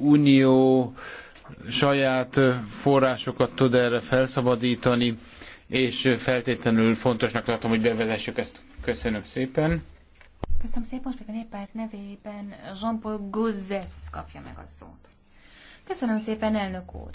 Unió saját forrásokat tud erre felszabadítani, és feltétlenül fontosnak tartom, hogy bevezessük ezt. Köszönöm szépen. Köszönöm szépen, most még a néppárt nevében Jean-Paul Gauzès kapja meg a szót. Köszönöm szépen, elnök úr.